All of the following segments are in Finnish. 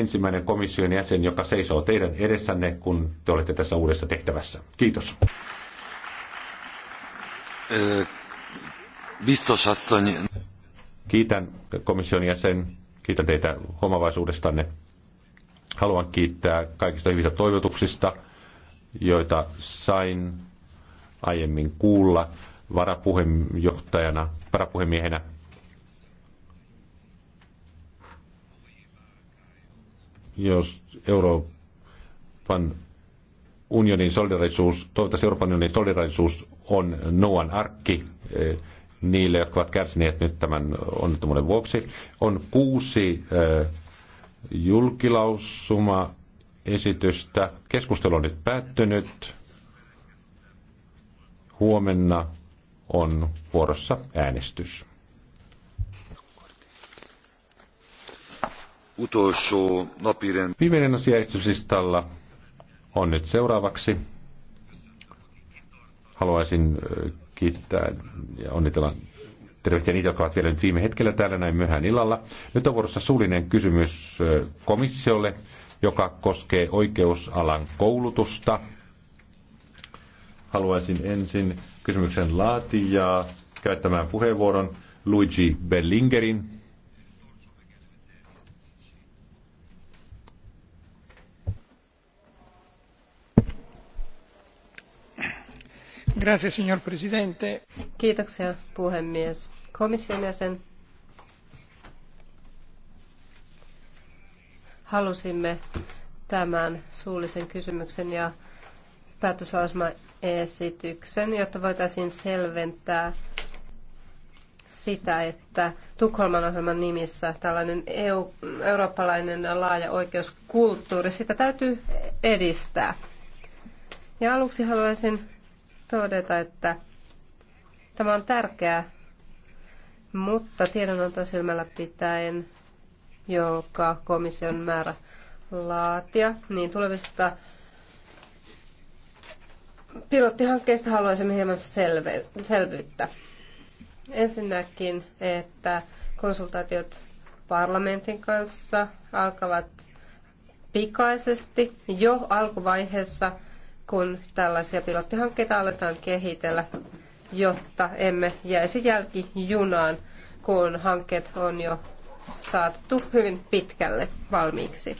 ensimmäinen komission jäsen, joka seisoo teidän edessänne, kun te olette tässä uudessa tehtävässä. Kiitos. Äh, kiitän komission jäsen, kiitän teitä omavaisuudestanne. Haluan kiittää kaikista hyvistä toivotuksista, joita sain aiemmin kuulla varapuheenjohtajana, varapuhemiehenä jos Euroopan unionin solidarisuus, toivottavasti Euroopan unionin solidarisuus on Noan arkki eh, niille, jotka ovat kärsineet nyt tämän onnettomuuden vuoksi. On kuusi eh, julkilausuma esitystä. Keskustelu on nyt päättynyt. Huomenna on vuorossa äänestys. utolsó napiren... Viimeinen asia esityslistalla on nyt seuraavaksi. Haluaisin kiittää ja onnitella tervehtiä niitä, jotka ovat vielä nyt viime hetkellä täällä näin myöhään illalla. Nyt on vuorossa suullinen kysymys komissiolle, joka koskee oikeusalan koulutusta. Haluaisin ensin kysymyksen laatijaa käyttämään puheenvuoron Luigi Bellingerin. Kiitoksia, puhemies. Komission jäsen, halusimme tämän suullisen kysymyksen ja esityksen, jotta voitaisiin selventää sitä, että Tukholman ohjelman nimissä tällainen EU, eurooppalainen laaja oikeuskulttuuri, sitä täytyy edistää. Ja aluksi haluaisin todeta, että tämä on tärkeää, mutta tiedonanto silmällä pitäen, joka komission määrä laatia, niin tulevista pilottihankkeista haluaisimme hieman selve- selvyyttä. Ensinnäkin, että konsultaatiot parlamentin kanssa alkavat pikaisesti jo alkuvaiheessa – kun tällaisia pilottihankkeita aletaan kehitellä, jotta emme jäisi jälkijunaan, kun hankkeet on jo saatettu hyvin pitkälle valmiiksi.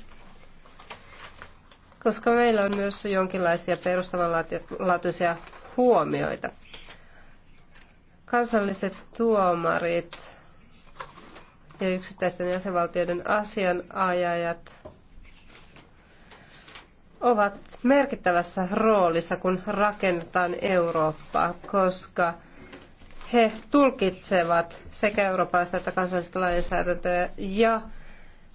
Koska meillä on myös jonkinlaisia perustavanlaatuisia huomioita. Kansalliset tuomarit ja yksittäisten jäsenvaltioiden asianajajat ovat merkittävässä roolissa, kun rakennetaan Eurooppaa, koska he tulkitsevat sekä eurooppalaista että kansallista lainsäädäntöä ja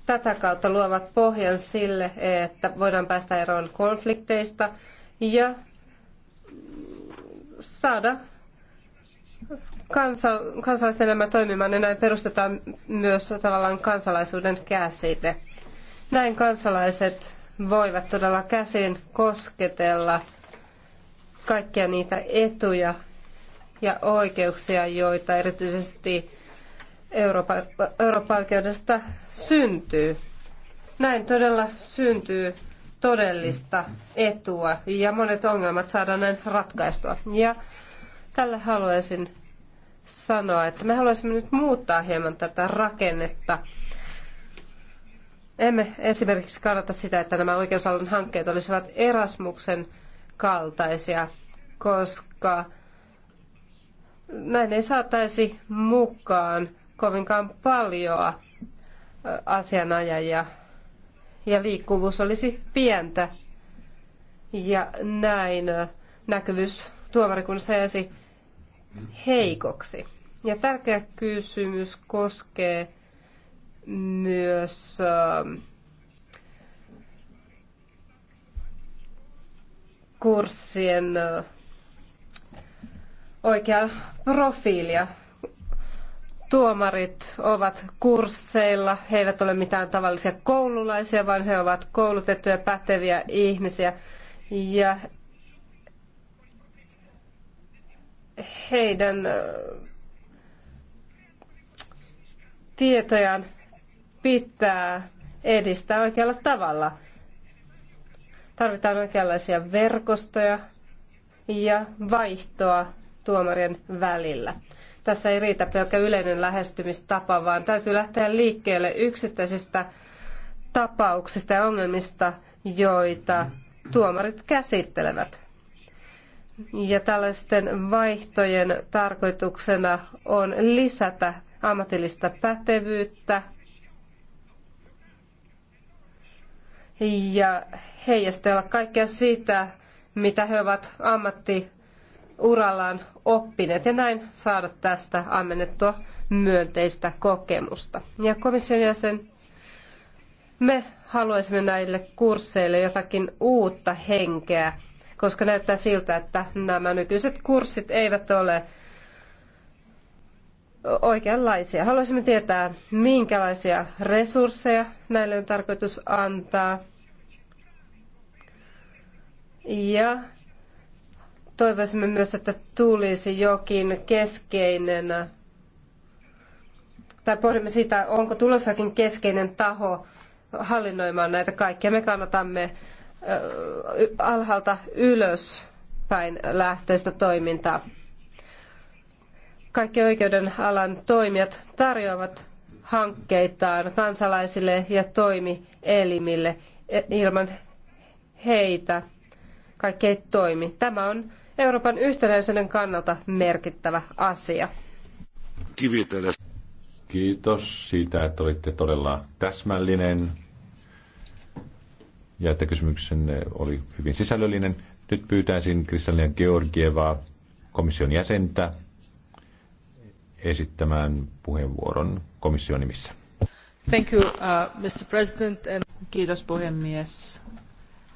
tätä kautta luovat pohjan sille, että voidaan päästä eroon konflikteista ja saada kansa, kansalaisten elämä toimimaan ja näin perustetaan myös tavallaan kansalaisuuden käsite. Näin kansalaiset voivat todella käsin kosketella kaikkia niitä etuja ja oikeuksia, joita erityisesti Euroopan, oikeudesta syntyy. Näin todella syntyy todellista etua ja monet ongelmat saadaan näin ratkaistua. Ja tällä haluaisin sanoa, että me haluaisimme nyt muuttaa hieman tätä rakennetta emme esimerkiksi kannata sitä, että nämä oikeusalan hankkeet olisivat Erasmuksen kaltaisia, koska näin ei saataisi mukaan kovinkaan paljoa asianajajia ja liikkuvuus olisi pientä ja näin näkyvyys tuomarikunnassa jäisi heikoksi. Ja tärkeä kysymys koskee myös ähm, kurssien äh, oikea profiilia. Tuomarit ovat kursseilla, he eivät ole mitään tavallisia koululaisia, vaan he ovat koulutettuja päteviä ihmisiä. Ja heidän äh, tietojaan pitää edistää oikealla tavalla. Tarvitaan oikeanlaisia verkostoja ja vaihtoa tuomarien välillä. Tässä ei riitä pelkkä yleinen lähestymistapa, vaan täytyy lähteä liikkeelle yksittäisistä tapauksista ja ongelmista, joita tuomarit käsittelevät. Ja tällaisten vaihtojen tarkoituksena on lisätä ammatillista pätevyyttä ja heijastella kaikkea sitä, mitä he ovat ammattiurallaan oppineet ja näin saada tästä ammennettua myönteistä kokemusta. Ja komission jäsen, me haluaisimme näille kursseille jotakin uutta henkeä, koska näyttää siltä, että nämä nykyiset kurssit eivät ole oikeanlaisia. Haluaisimme tietää, minkälaisia resursseja näille on tarkoitus antaa. Ja toivoisimme myös, että tulisi jokin keskeinen, tai pohdimme sitä, onko tulossakin keskeinen taho hallinnoimaan näitä kaikkia. Me kannatamme alhaalta ylöspäin lähtöistä toimintaa kaikki alan toimijat tarjoavat hankkeitaan kansalaisille ja toimielimille. E, ilman heitä kaikki ei toimi. Tämä on Euroopan yhtenäisyyden kannalta merkittävä asia. Kivitele. Kiitos siitä, että olitte todella täsmällinen ja että kysymyksenne oli hyvin sisällöllinen. Nyt pyytäisin Kristallinen Georgievaa, komission jäsentä, esittämään puheenvuoron komission nimissä. Thank you, uh, Mr. President. And... Kiitos puhemies.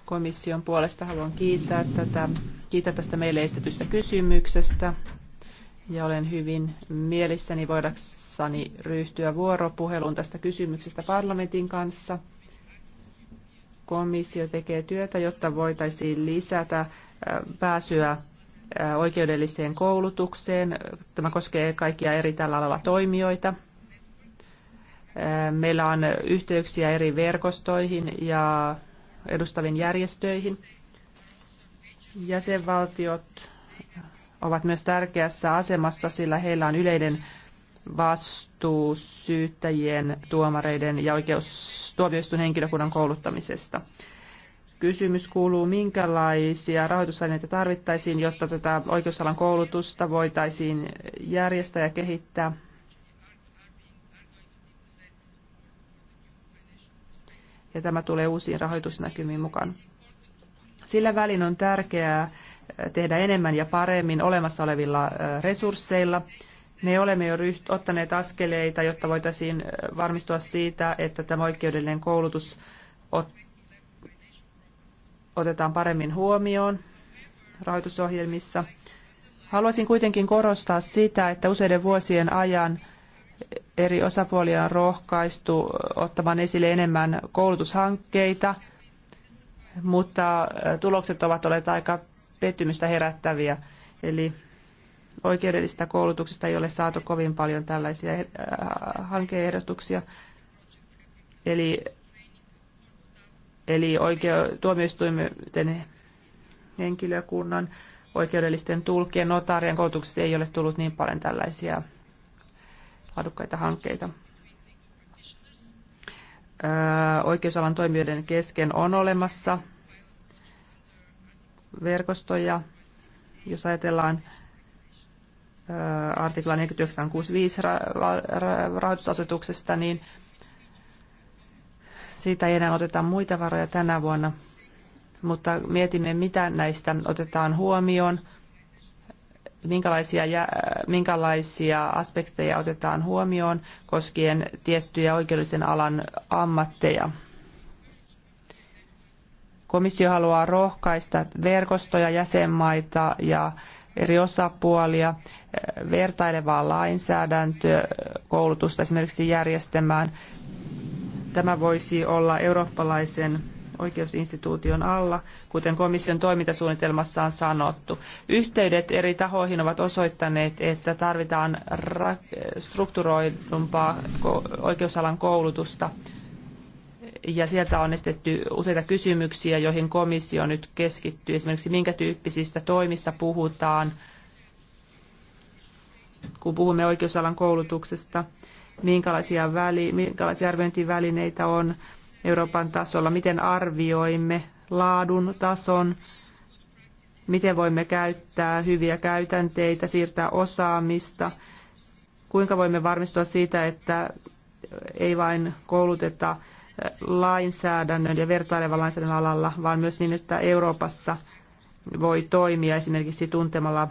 Komission puolesta haluan kiittää, tätä, kiittää tästä meille esitetystä kysymyksestä. Ja olen hyvin mielissäni voidaksani ryhtyä vuoropuheluun tästä kysymyksestä parlamentin kanssa. Komissio tekee työtä, jotta voitaisiin lisätä pääsyä oikeudelliseen koulutukseen. Tämä koskee kaikkia eri tällä alalla toimijoita. Meillä on yhteyksiä eri verkostoihin ja edustaviin järjestöihin. Jäsenvaltiot ovat myös tärkeässä asemassa, sillä heillä on yleinen vastuu syyttäjien, tuomareiden ja oikeus henkilökunnan kouluttamisesta. Kysymys kuuluu, minkälaisia rahoitusvälineitä tarvittaisiin, jotta tätä oikeusalan koulutusta voitaisiin järjestää ja kehittää. Ja tämä tulee uusiin rahoitusnäkymiin mukaan. Sillä välin on tärkeää tehdä enemmän ja paremmin olemassa olevilla resursseilla. Me olemme jo ryht- ottaneet askeleita, jotta voitaisiin varmistua siitä, että tämä oikeudellinen koulutus ottaa otetaan paremmin huomioon rahoitusohjelmissa. Haluaisin kuitenkin korostaa sitä, että useiden vuosien ajan eri osapuolia on rohkaistu ottamaan esille enemmän koulutushankkeita, mutta tulokset ovat olleet aika pettymystä herättäviä. Eli oikeudellisesta koulutuksesta ei ole saatu kovin paljon tällaisia hankeehdotuksia. Eli eli oikeu, tuomioistuimen henkilökunnan oikeudellisten tulkien notaarien koulutuksessa ei ole tullut niin paljon tällaisia laadukkaita hankkeita. Öö, oikeusalan toimijoiden kesken on olemassa verkostoja, jos ajatellaan öö, artikla 4965 ra- ra- rahoitusasetuksesta, niin siitä ei enää oteta muita varoja tänä vuonna, mutta mietimme, mitä näistä otetaan huomioon, minkälaisia, minkälaisia aspekteja otetaan huomioon koskien tiettyjä oikeudellisen alan ammatteja. Komissio haluaa rohkaista verkostoja, jäsenmaita ja eri osapuolia, eh, vertailevaa koulutusta esimerkiksi järjestämään Tämä voisi olla eurooppalaisen oikeusinstituution alla, kuten komission toimintasuunnitelmassa on sanottu. Yhteydet eri tahoihin ovat osoittaneet, että tarvitaan strukturoidumpaa oikeusalan koulutusta. Ja sieltä on estetty useita kysymyksiä, joihin komissio nyt keskittyy. Esimerkiksi minkä tyyppisistä toimista puhutaan, kun puhumme oikeusalan koulutuksesta minkälaisia, väli, minkälaisia arviointivälineitä on Euroopan tasolla, miten arvioimme laadun tason, miten voimme käyttää hyviä käytänteitä, siirtää osaamista, kuinka voimme varmistua siitä, että ei vain kouluteta äh, lainsäädännön ja vertailevan lainsäädännön alalla, vaan myös niin, että Euroopassa voi toimia esimerkiksi tuntemalla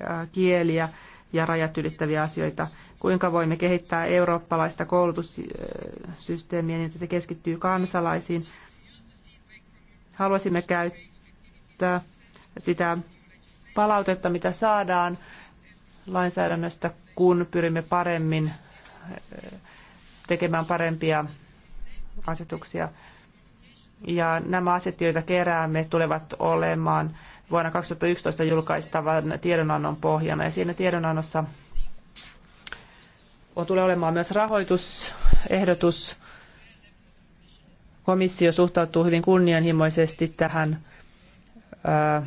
äh, kieliä ja rajat ylittäviä asioita. Kuinka voimme kehittää eurooppalaista koulutussysteemiä niin, että se keskittyy kansalaisiin. Haluaisimme käyttää sitä palautetta, mitä saadaan lainsäädännöstä, kun pyrimme paremmin eh, tekemään parempia asetuksia. Ja nämä asiat, joita keräämme, tulevat olemaan vuonna 2011 julkaistavan tiedonannon pohjana. Ja siinä tiedonannossa on tulee olemaan myös rahoitusehdotus. Komissio suhtautuu hyvin kunnianhimoisesti tähän ö,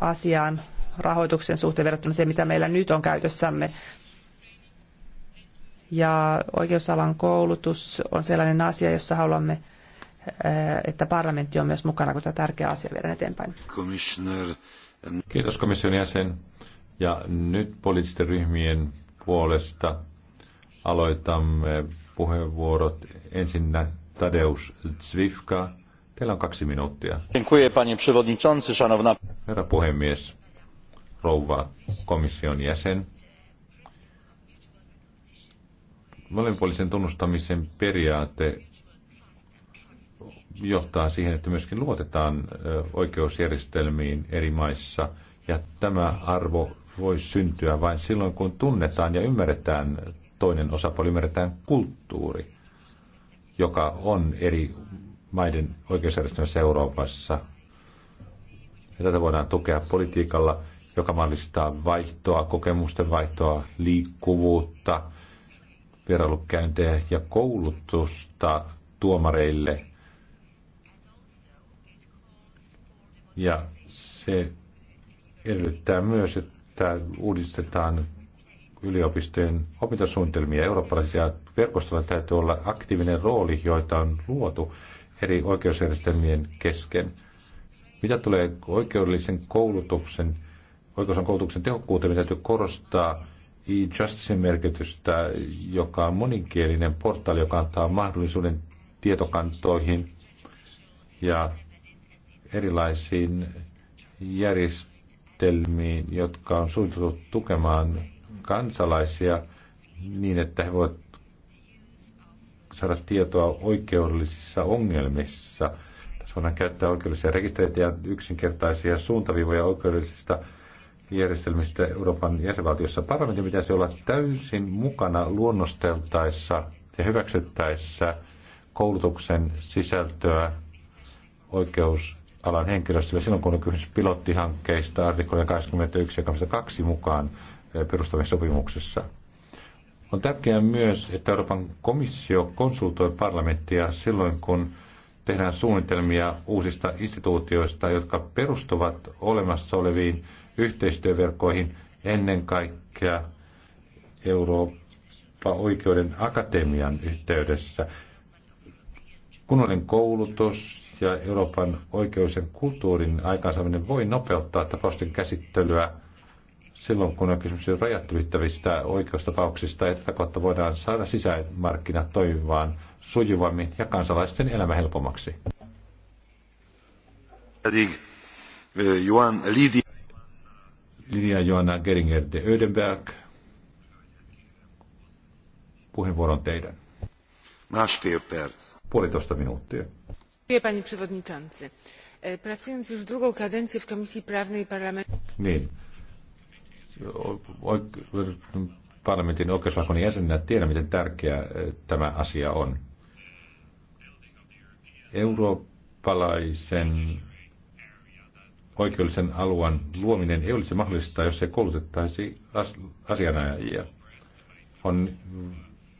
asiaan rahoituksen suhteen verrattuna siihen, mitä meillä nyt on käytössämme. Ja oikeusalan koulutus on sellainen asia, jossa haluamme – Äh, että parlamentti on myös mukana, kun tämä tärkeä asia viedään eteenpäin. Kiitos komission jäsen. Ja nyt poliittisten ryhmien puolesta aloitamme puheenvuorot. Ensinnä Tadeusz Zwifka. Teillä on kaksi minuuttia. Dziękuję, panie przewodniczący, szanowna... Herra puhemies, rouva komission jäsen. Molempuolisen tunnustamisen periaate johtaa siihen, että myöskin luotetaan oikeusjärjestelmiin eri maissa. Ja tämä arvo voi syntyä vain silloin, kun tunnetaan ja ymmärretään toinen osapuoli, ymmärretään kulttuuri, joka on eri maiden oikeusjärjestelmässä Euroopassa. Ja tätä voidaan tukea politiikalla, joka mahdollistaa vaihtoa, kokemusten vaihtoa, liikkuvuutta, vierailukäyntejä ja koulutusta tuomareille – Ja se edellyttää myös, että uudistetaan yliopistojen opintosuunnitelmia. Eurooppalaisia verkostoilla täytyy olla aktiivinen rooli, joita on luotu eri oikeusjärjestelmien kesken. Mitä tulee oikeudellisen koulutuksen, oikeusan koulutuksen tehokkuuteen, mitä täytyy korostaa e-justicen merkitystä, joka on moninkielinen portaali, joka antaa mahdollisuuden tietokantoihin ja erilaisiin järjestelmiin, jotka on suunniteltu tukemaan kansalaisia niin, että he voivat saada tietoa oikeudellisissa ongelmissa. Tässä voidaan käyttää oikeudellisia rekistereitä ja yksinkertaisia suuntaviivoja oikeudellisista järjestelmistä Euroopan jäsenvaltiossa. Parlamentin pitäisi olla täysin mukana luonnosteltaessa ja hyväksyttäessä koulutuksen sisältöä oikeus alan henkilöstölle silloin, kun on kysymys pilottihankkeista artiklojen 21 ja 22 mukaan eh, perustamissopimuksessa. On tärkeää myös, että Euroopan komissio konsultoi parlamenttia silloin, kun tehdään suunnitelmia uusista instituutioista, jotka perustuvat olemassa oleviin yhteistyöverkkoihin ennen kaikkea Euroopan oikeuden akatemian yhteydessä. Kunnollinen koulutus ja Euroopan oikeuden kulttuurin aikaansaaminen voi nopeuttaa tapausten käsittelyä silloin, kun on kysymys rajat ylittävistä oikeustapauksista, että kautta voidaan saada sisämarkkinat toimimaan sujuvammin ja kansalaisten elämä helpommaksi. Eh, Lidia Joanna Geringer de Ödenberg, puheenvuoron teidän. Puolitoista minuuttia panie przewodniczący! E, pracując już drugą kadencję w komisji prawnej parlamentu niin. E, tämä on. eurooppalaisen oikeudellisen alueen luominen ei olisi mahdollista, jos se koulutettaisi asianajajia. On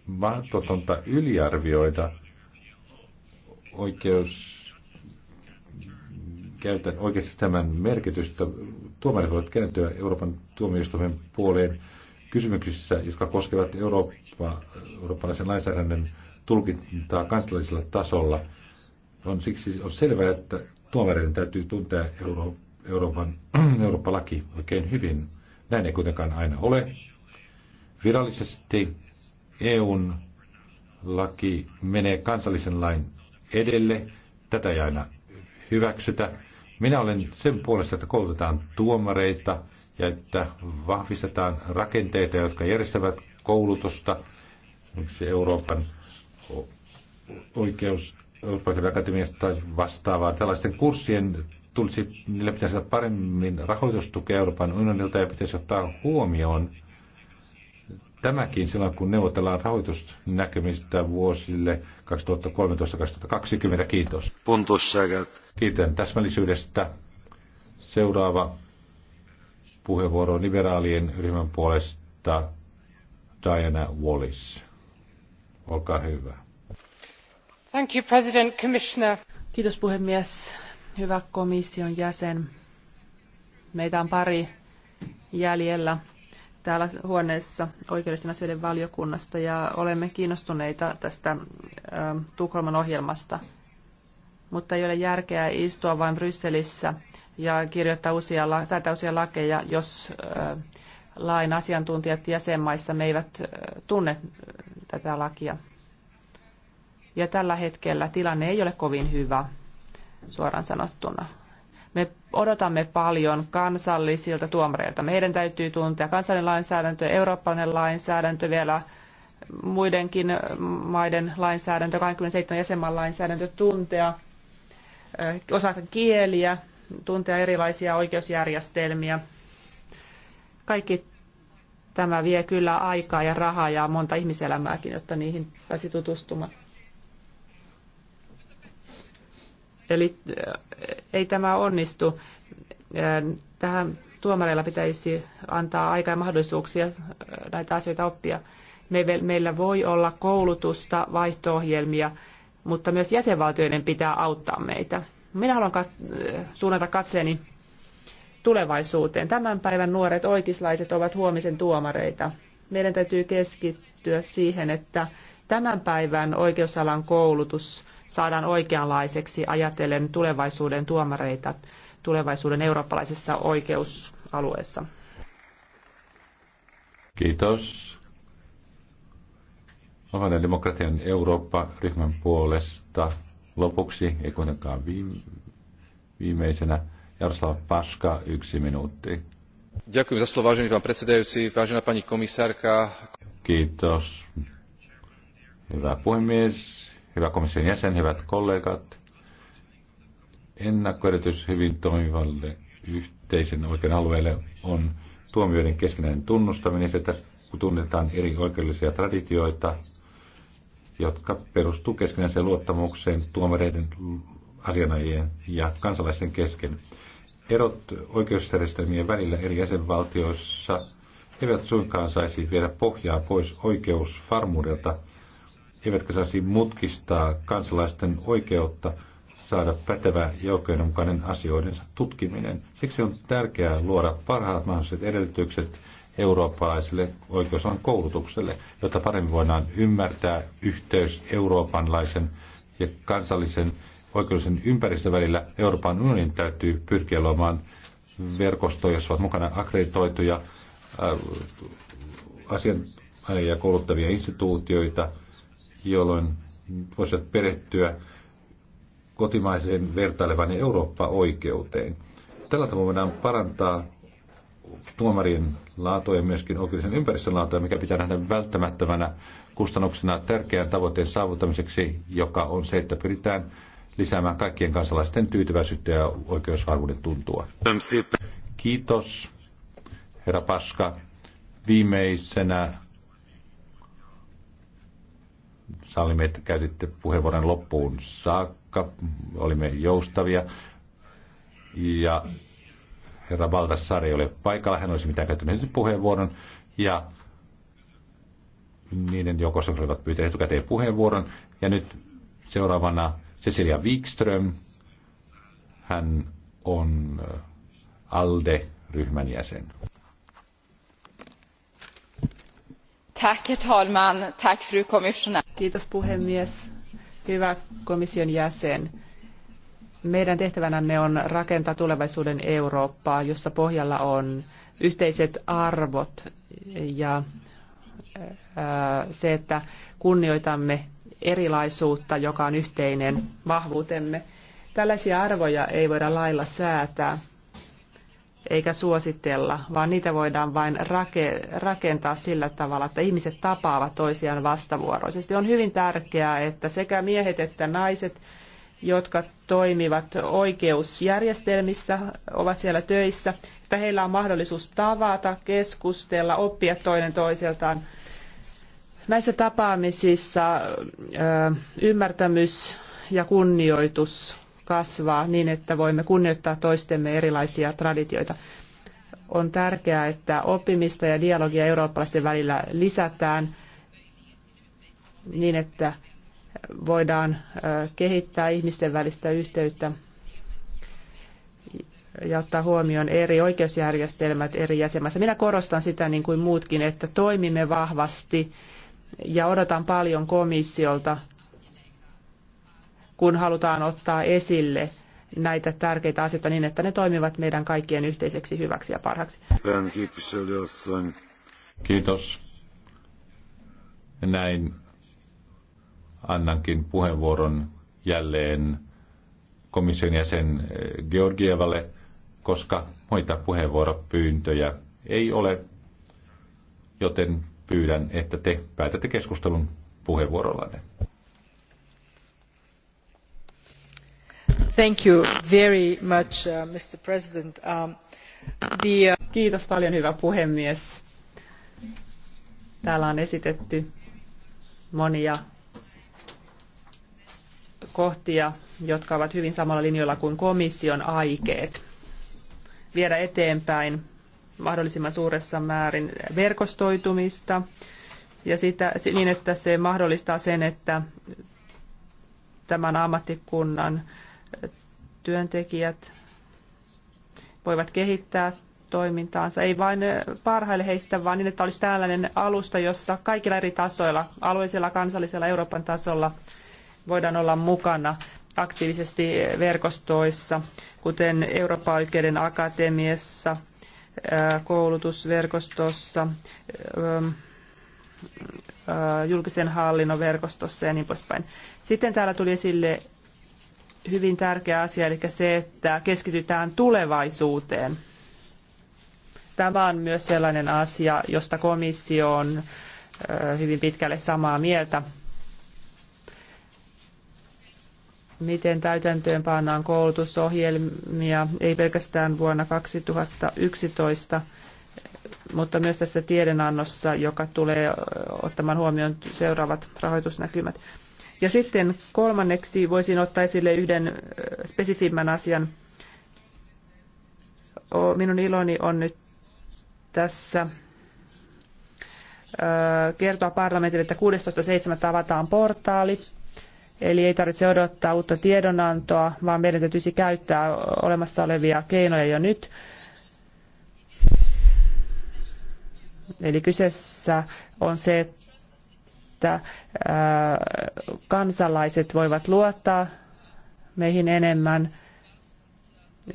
mahdotonta yliarvioida – oikeus käyttää oikeasti tämän merkitystä. Tuomarit voivat kääntyä Euroopan tuomioistuimen puoleen kysymyksissä, jotka koskevat Eurooppa, eurooppalaisen lainsäädännön tulkintaa kansallisella tasolla. On siksi on selvää, että tuomareiden täytyy tuntea Euro, Euroopan Eurooppa-laki oikein hyvin. Näin ei kuitenkaan aina ole. Virallisesti EUn laki menee kansallisen lain edelle. Tätä ei aina hyväksytä. Minä olen sen puolesta, että koulutetaan tuomareita ja että vahvistetaan rakenteita, jotka järjestävät koulutusta. Yksi Euroopan oikeus Euroopan akatemiasta vastaavaa. Tällaisten kurssien tulisi, niille pitäisi saada paremmin rahoitustukea Euroopan unionilta ja pitäisi ottaa huomioon Tämäkin silloin, kun neuvotellaan rahoitusnäkemistä vuosille 2013-2020. Kiitos. Kiitän täsmällisyydestä. Seuraava puheenvuoro liberaalien ryhmän puolesta Diana Wallis. Olkaa hyvä. Thank you, President Commissioner. Kiitos puhemies. Hyvä komission jäsen. Meitä on pari jäljellä täällä huoneessa oikeudellisen asioiden valiokunnasta ja olemme kiinnostuneita tästä Tukholman ohjelmasta. Mutta ei ole järkeä istua vain Brysselissä ja kirjoittaa uusia, säätää uusia lakeja, jos lain asiantuntijat jäsenmaissa me eivät tunne tätä lakia. Ja tällä hetkellä tilanne ei ole kovin hyvä, suoraan sanottuna. Me odotamme paljon kansallisilta tuomareilta. Meidän täytyy tuntea kansallinen lainsäädäntö, eurooppalainen lainsäädäntö vielä muidenkin maiden lainsäädäntö, 27 jäsenmaan lainsäädäntö, tuntea osata kieliä, tuntea erilaisia oikeusjärjestelmiä. Kaikki tämä vie kyllä aikaa ja rahaa ja monta ihmiselämääkin, jotta niihin pääsi tutustumaan. Eli eh, ei tämä onnistu. Eh, tähän tuomareilla pitäisi antaa aikaa ja mahdollisuuksia eh, näitä asioita oppia. Meillä voi olla koulutusta, vaihtoohjelmia, mutta myös jäsenvaltioiden pitää auttaa meitä. Minä haluan kat- suunnata katseeni tulevaisuuteen. Tämän päivän nuoret oikislaiset ovat huomisen tuomareita. Meidän täytyy keskittyä siihen, että tämän päivän oikeusalan koulutus saadaan oikeanlaiseksi ajatellen tulevaisuuden tuomareita tulevaisuuden eurooppalaisessa oikeusalueessa. Kiitos. Vapauden demokratian Eurooppa-ryhmän puolesta lopuksi, ei kuitenkaan viimeisenä, Jaroslav Paska, yksi minuutti. Ďakujem za slovo, vážený pán predsedajúci, vážená pani komisárka. Kiitos. Hyvä puhemies, hyvä komission jäsen, hyvät kollegat. Ennakkoedetys hyvin toimivalle yhteisen oikean alueelle on tuomioiden keskinäinen tunnustaminen, että kun tunnetaan eri oikeudellisia traditioita, jotka perustuu keskinäiseen luottamukseen tuomareiden, asianajien ja kansalaisten kesken. Erot oikeusjärjestelmien välillä eri jäsenvaltioissa eivät suinkaan saisi viedä pohjaa pois oikeusfarmuudelta, eivätkä saisi mutkistaa kansalaisten oikeutta saada pätevä ja oikeudenmukainen asioidensa tutkiminen. Siksi on tärkeää luoda parhaat mahdolliset edellytykset eurooppalaiselle oikeusalan koulutukselle, jotta paremmin voidaan ymmärtää yhteys euroopanlaisen ja kansallisen oikeudellisen ympäristön välillä. Euroopan unionin täytyy pyrkiä luomaan verkostoja, jossa ovat mukana akkreditoituja kouluttavia instituutioita – jolloin voisivat perehtyä kotimaiseen vertailevan Eurooppa-oikeuteen. Tällä tavalla voidaan parantaa tuomarien laatua ja myöskin oikeudellisen ympäristön laatua, mikä pitää nähdä välttämättömänä kustannuksena tärkeän tavoitteen saavuttamiseksi, joka on se, että pyritään lisäämään kaikkien kansalaisten tyytyväisyyttä ja oikeusvarmuuden tuntua. Kiitos, herra Paska. Viimeisenä sallimme, että käytitte puheenvuoron loppuun saakka. Olimme joustavia. Ja herra Baltassari ei ole paikalla. Hän olisi mitään käyttänyt puheenvuoron. Ja niiden joukossa, olivat pyytäneet etukäteen puheenvuoron. Ja nyt seuraavana Cecilia Wikström. Hän on äh, ALDE-ryhmän jäsen. Herr talman, tack fru kommissionär. Kiitos puhemies. Hyvä komission jäsen. Meidän tehtävänämme on rakentaa tulevaisuuden Eurooppaa, jossa pohjalla on yhteiset arvot ja äh, se, että kunnioitamme erilaisuutta, joka on yhteinen vahvuutemme. Tällaisia arvoja ei voida lailla säätää eikä suositella, vaan niitä voidaan vain rakentaa sillä tavalla, että ihmiset tapaavat toisiaan vastavuoroisesti. On hyvin tärkeää, että sekä miehet että naiset, jotka toimivat oikeusjärjestelmissä, ovat siellä töissä, että heillä on mahdollisuus tavata, keskustella, oppia toinen toiseltaan. Näissä tapaamisissa ymmärtämys ja kunnioitus kasvaa niin, että voimme kunnioittaa toistemme erilaisia traditioita. On tärkeää, että oppimista ja dialogia eurooppalaisten välillä lisätään niin, että voidaan kehittää ihmisten välistä yhteyttä ja ottaa huomioon eri oikeusjärjestelmät eri jäsenmaissa. Minä korostan sitä niin kuin muutkin, että toimimme vahvasti ja odotan paljon komissiolta kun halutaan ottaa esille näitä tärkeitä asioita niin, että ne toimivat meidän kaikkien yhteiseksi hyväksi ja parhaaksi. Kiitos. Näin annankin puheenvuoron jälleen komission jäsen eh, Georgievalle, koska muita puheenvuoropyyntöjä ei ole, joten pyydän, että te päätätte keskustelun puheenvuorollanne. Uh, um, uh, Kiitos hyvä puhemies. Täällä on esitetty monia kohtia, jotka ovat hyvin samalla linjoilla kuin komission aikeet viedä eteenpäin mahdollisimman suuressa määrin verkostoitumista ja sitä, niin, että se mahdollistaa sen, että tämän ammattikunnan työntekijät voivat kehittää toimintaansa, ei vain parhaille heistä, vaan niin, että olisi tällainen alusta, jossa kaikilla eri tasoilla, alueellisella, kansallisella, Euroopan tasolla voidaan olla mukana aktiivisesti verkostoissa, kuten Euroopan oikeuden akatemiassa, koulutusverkostossa, julkisen hallinnon verkostossa ja niin poispäin. Sitten täällä tuli esille hyvin tärkeä asia, eli se, että keskitytään tulevaisuuteen. Tämä on myös sellainen asia, josta komissio on hyvin pitkälle samaa mieltä. Miten täytäntöön pannaan koulutusohjelmia, ei pelkästään vuonna 2011, mutta myös tässä tiedenannossa, joka tulee ottamaan huomioon seuraavat rahoitusnäkymät. Ja sitten kolmanneksi voisin ottaa esille yhden spesifimmän asian. Minun iloni on nyt tässä kertoa parlamentille, että 16.7. avataan portaali. Eli ei tarvitse odottaa uutta tiedonantoa, vaan meidän täytyisi käyttää olemassa olevia keinoja jo nyt. Eli kyseessä on se, että että kansalaiset voivat luottaa meihin enemmän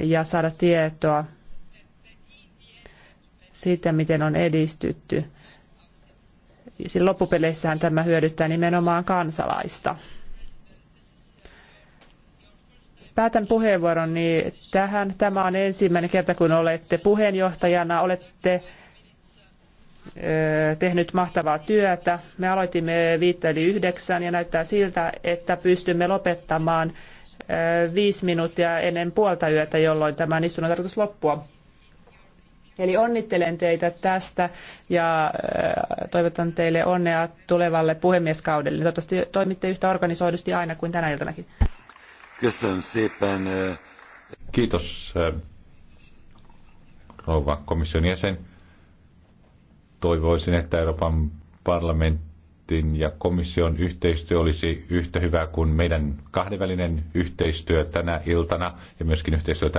ja saada tietoa siitä, miten on edistytty. Siinä loppupeleissähän tämä hyödyttää nimenomaan kansalaista. Päätän puheenvuoroni tähän. Tämä on ensimmäinen kerta, kun olette puheenjohtajana. Olette tehnyt mahtavaa työtä. Me aloitimme viittä yli yhdeksän ja näyttää siltä, että pystymme lopettamaan viisi minuuttia ennen puolta yötä, jolloin tämä istunnon on tarkoitus loppua. Eli onnittelen teitä tästä ja toivotan teille onnea tulevalle puhemieskaudelle. Toivottavasti toimitte yhtä organisoidusti aina kuin tänä iltanakin. Kiitos rouva komission jäsen. Toivoisin, että Euroopan parlamentin ja komission yhteistyö olisi yhtä hyvää kuin meidän kahdenvälinen yhteistyö tänä iltana ja myöskin yhteistyö tällä